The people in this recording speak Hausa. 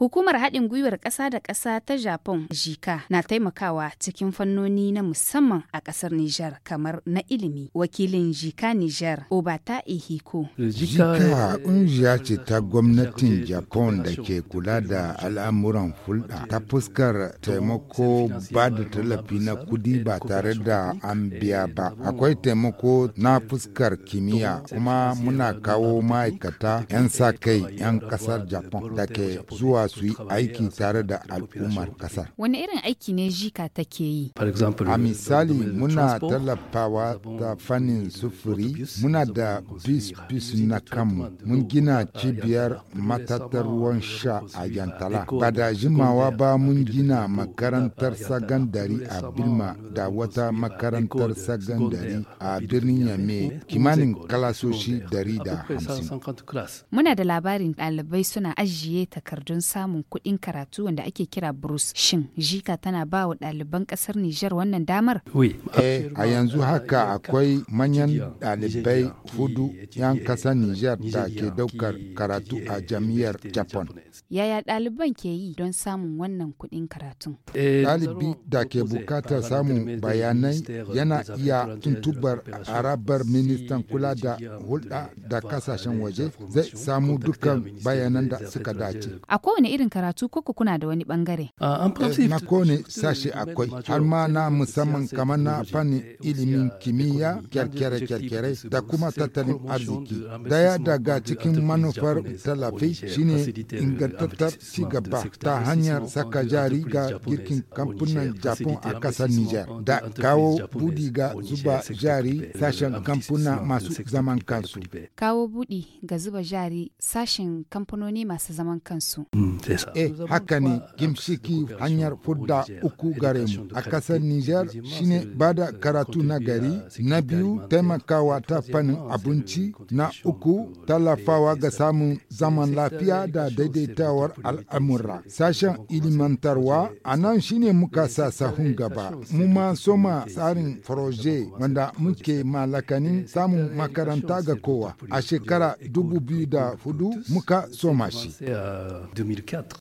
Hukumar haɗin gwiwar ƙasa da ƙasa ta Japan Jika na taimakawa cikin fannoni na musamman a ƙasar Nijar kamar na ilimi. Wakilin Jika Nijar Obata Ihiko. Jika ƙungiya ce ta gwamnatin Japan da ke kula da al'amuran fulɗa ta fuskar taimako ba da tallafi na kudi ba tare da an biya ba. Akwai taimako na fuskar kimiyya kuma muna kawo ma'aikata 'yan sa kai 'yan ƙasar Japan da ke zuwa su yi aiki tare da al'ummar kasar. Wani irin aiki ne jika take yi? A misali muna tallafawa ta fannin sufuri, muna da bis-bis na kanmu. Mun gina ah, cibiyar matatar euh, ruwan sha a Yantala. Ba da jimawa ba mun gina makarantar ah, sagandari a Bilma da wata makarantar sagandari a birnin Yame kimanin kalasoshi dari da hamsin. Muna da labarin ɗalibai suna ajiye takardun sa samun kuɗin karatu wanda ake kira Bruce. Shin jika tana ba wa ɗaliban ƙasar Nijar wannan damar? Eh, a yanzu haka akwai manyan ɗalibai hudu 'yan ƙasar Nijar da ke daukar karatu a jami'ar Japan. Yaya ɗaliban ke yi don samun wannan kuɗin karatun? Eh, Ɗalibi da ke bukatar samun bayanai yana iya tuntubar harabar ministan kula da hulɗa da kasashen waje zai samu dukkan bayanan da suka dace. A kowane irin karatu ko kuna da wani bangare? Eh, na kone sashi akwai har ma na musamman kamar na fannin ilimin kimiyya kyarkyare-kyarkyare da kuma tattalin arziki. Daya daga cikin manufar tallafi shine ingantattar cigaba ta hanyar saka jari ga girkin kamfunan Japan a kasar Nijar da kawo budi ga zuba jari sashen kamfuna masu zaman kansu. Kawo budi ga zuba jari sashen kamfanoni masu zaman kansu. Hmm. Eh haka ne hanyar fudda uku gare a kasar niger shine bada karatu na gari, na biyu taimakawa ta fannin abinci, na uku tallafawa ga samun zaman lafiya da daidaitawar al'amura. Sashen ilimantarwa a nan shine muka sa sahun gaba. Mu ma soma tsarin proje wanda muke malakanin samun makaranta ga kowa. A shekara 2004 muka soma shi. 4